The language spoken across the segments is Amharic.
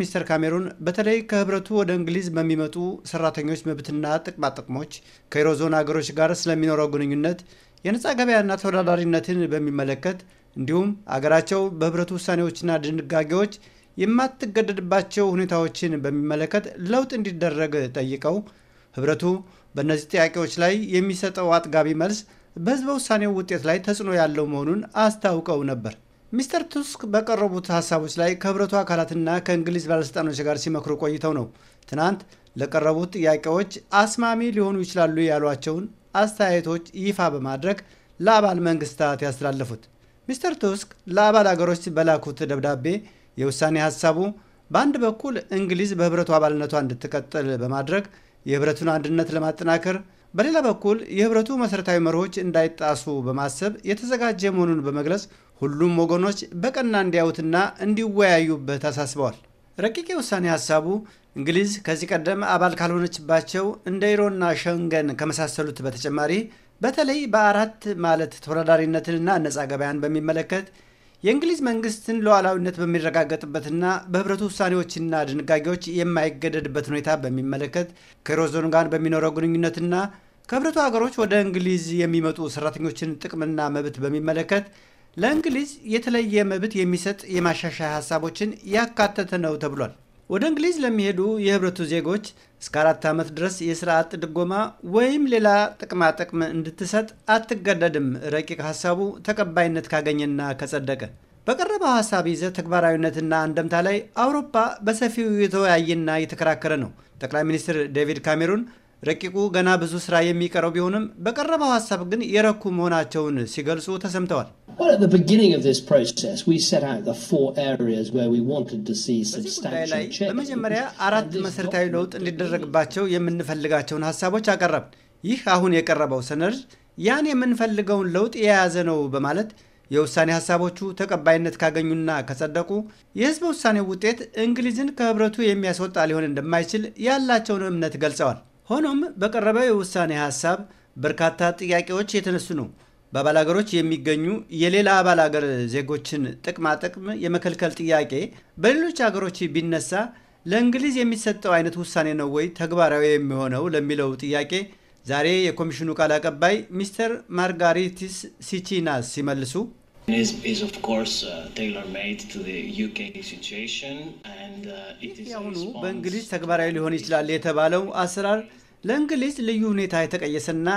ሚስተር ካሜሩን በተለይ ከህብረቱ ወደ እንግሊዝ በሚመጡ ሰራተኞች መብትና ጥቅማጥቅሞች ከዩሮዞን ሀገሮች ጋር ስለሚኖረው ግንኙነት፣ የነፃ ገበያና ተወዳዳሪነትን በሚመለከት እንዲሁም አገራቸው በህብረቱ ውሳኔዎችና ድንጋጌዎች የማትገደድባቸው ሁኔታዎችን በሚመለከት ለውጥ እንዲደረግ ጠይቀው ህብረቱ በእነዚህ ጥያቄዎች ላይ የሚሰጠው አጥጋቢ መልስ በህዝበ ውሳኔው ውጤት ላይ ተጽዕኖ ያለው መሆኑን አስታውቀው ነበር። ሚስተር ቱስክ በቀረቡት ሀሳቦች ላይ ከህብረቱ አካላትና ከእንግሊዝ ባለሥልጣኖች ጋር ሲመክሩ ቆይተው ነው ትናንት ለቀረቡት ጥያቄዎች አስማሚ ሊሆኑ ይችላሉ ያሏቸውን አስተያየቶች ይፋ በማድረግ ለአባል መንግስታት ያስተላለፉት። ሚስተር ቱስክ ለአባል አገሮች በላኩት ደብዳቤ የውሳኔ ሀሳቡ በአንድ በኩል እንግሊዝ በህብረቱ አባልነቷ እንድትቀጥል በማድረግ የህብረቱን አንድነት ለማጠናከር በሌላ በኩል የህብረቱ መሠረታዊ መርሆች እንዳይጣሱ በማሰብ የተዘጋጀ መሆኑን በመግለጽ ሁሉም ወገኖች በቀና እንዲያዩትና እንዲወያዩበት አሳስበዋል። ረቂቅ የውሳኔ ሀሳቡ እንግሊዝ ከዚህ ቀደም አባል ካልሆነችባቸው እንደ ሮና ሸንገን ከመሳሰሉት በተጨማሪ በተለይ በአራት ማለት ተወዳዳሪነትንና ነፃ ገበያን በሚመለከት የእንግሊዝ መንግስትን ሉዓላዊነት በሚረጋገጥበትና በህብረቱ ውሳኔዎችና ድንጋጌዎች የማይገደድበት ሁኔታ በሚመለከት ከሮዞን ጋር በሚኖረው ግንኙነትና ከህብረቱ ሀገሮች ወደ እንግሊዝ የሚመጡ ሰራተኞችን ጥቅምና መብት በሚመለከት ለእንግሊዝ የተለየ መብት የሚሰጥ የማሻሻያ ሀሳቦችን ያካተተ ነው ተብሏል። ወደ እንግሊዝ ለሚሄዱ የህብረቱ ዜጎች እስከ አራት ዓመት ድረስ የስራ አጥ ድጎማ ወይም ሌላ ጥቅማጥቅም እንድትሰጥ አትገደድም። ረቂቅ ሀሳቡ ተቀባይነት ካገኘና ከጸደቀ በቀረበው ሀሳብ ይዘ ተግባራዊነትና አንደምታ ላይ አውሮፓ በሰፊው የተወያየና የተከራከረ ነው። ጠቅላይ ሚኒስትር ዴቪድ ካሜሩን ረቂቁ ገና ብዙ ስራ የሚቀረው ቢሆንም በቀረበው ሀሳብ ግን የረኩ መሆናቸውን ሲገልጹ ተሰምተዋል። Well, at the beginning of this process, we set out the four areas where we wanted to see substantial change. በመጀመሪያ አራት መሰረታዊ ለውጥ እንዲደረግባቸው የምንፈልጋቸውን ሀሳቦች አቀረብ ይህ አሁን የቀረበው ሰነድ ያን የምንፈልገውን ለውጥ የያዘ ነው በማለት የውሳኔ ሀሳቦቹ ተቀባይነት ካገኙና ከጸደቁ የህዝበ ውሳኔው ውጤት እንግሊዝን ከህብረቱ የሚያስወጣ ሊሆን እንደማይችል ያላቸውን እምነት ገልጸዋል። ሆኖም በቀረበው የውሳኔ ሀሳብ በርካታ ጥያቄዎች የተነሱ ነው። በአባል ሀገሮች የሚገኙ የሌላ አባል ሀገር ዜጎችን ጥቅማጥቅም የመከልከል ጥያቄ በሌሎች ሀገሮች ቢነሳ ለእንግሊዝ የሚሰጠው አይነት ውሳኔ ነው ወይ ተግባራዊ የሚሆነው ለሚለው ጥያቄ ዛሬ የኮሚሽኑ ቃል አቀባይ ሚስተር ማርጋሪቲስ ሲቺናስ ሲመልሱ uh, uh, ያሁኑ በእንግሊዝ ተግባራዊ ሊሆን ይችላል የተባለው አሰራር ለእንግሊዝ ልዩ ሁኔታ የተቀየሰና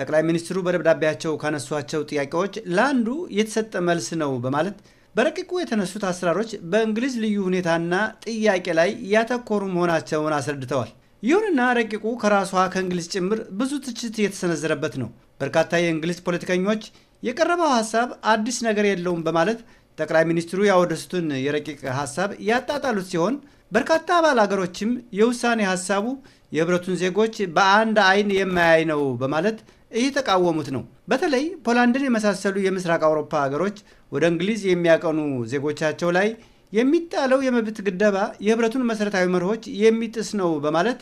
ጠቅላይ ሚኒስትሩ በደብዳቤያቸው ካነሷቸው ጥያቄዎች ለአንዱ የተሰጠ መልስ ነው በማለት በረቂቁ የተነሱት አሰራሮች በእንግሊዝ ልዩ ሁኔታና ጥያቄ ላይ ያተኮሩ መሆናቸውን አስረድተዋል። ይሁንና ረቂቁ ከራሷ ከእንግሊዝ ጭምር ብዙ ትችት የተሰነዘረበት ነው። በርካታ የእንግሊዝ ፖለቲከኞች የቀረበው ሀሳብ አዲስ ነገር የለውም በማለት ጠቅላይ ሚኒስትሩ ያወደሱትን የረቂቅ ሀሳብ ያጣጣሉት ሲሆን በርካታ አባል አገሮችም የውሳኔ ሀሳቡ የህብረቱን ዜጎች በአንድ አይን የማያይ ነው በማለት እየተቃወሙት ነው። በተለይ ፖላንድን የመሳሰሉ የምስራቅ አውሮፓ ሀገሮች ወደ እንግሊዝ የሚያቀኑ ዜጎቻቸው ላይ የሚጣለው የመብት ግደባ የህብረቱን መሠረታዊ መርሆች የሚጥስ ነው በማለት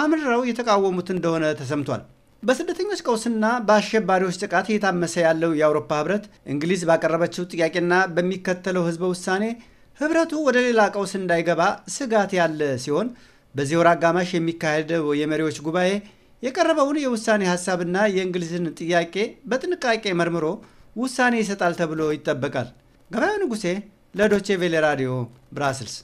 አምርረው የተቃወሙት እንደሆነ ተሰምቷል። በስደተኞች ቀውስና በአሸባሪዎች ጥቃት እየታመሰ ያለው የአውሮፓ ህብረት እንግሊዝ ባቀረበችው ጥያቄና በሚከተለው ህዝበ ውሳኔ ህብረቱ ወደ ሌላ ቀውስ እንዳይገባ ስጋት ያለ ሲሆን በዚህ ወር አጋማሽ የሚካሄደው የመሪዎች ጉባኤ የቀረበውን የውሳኔ ሀሳብና የእንግሊዝን ጥያቄ በጥንቃቄ መርምሮ ውሳኔ ይሰጣል ተብሎ ይጠበቃል። ገበያው ንጉሴ ለዶቼ ቬሌ ራዲዮ ብራስልስ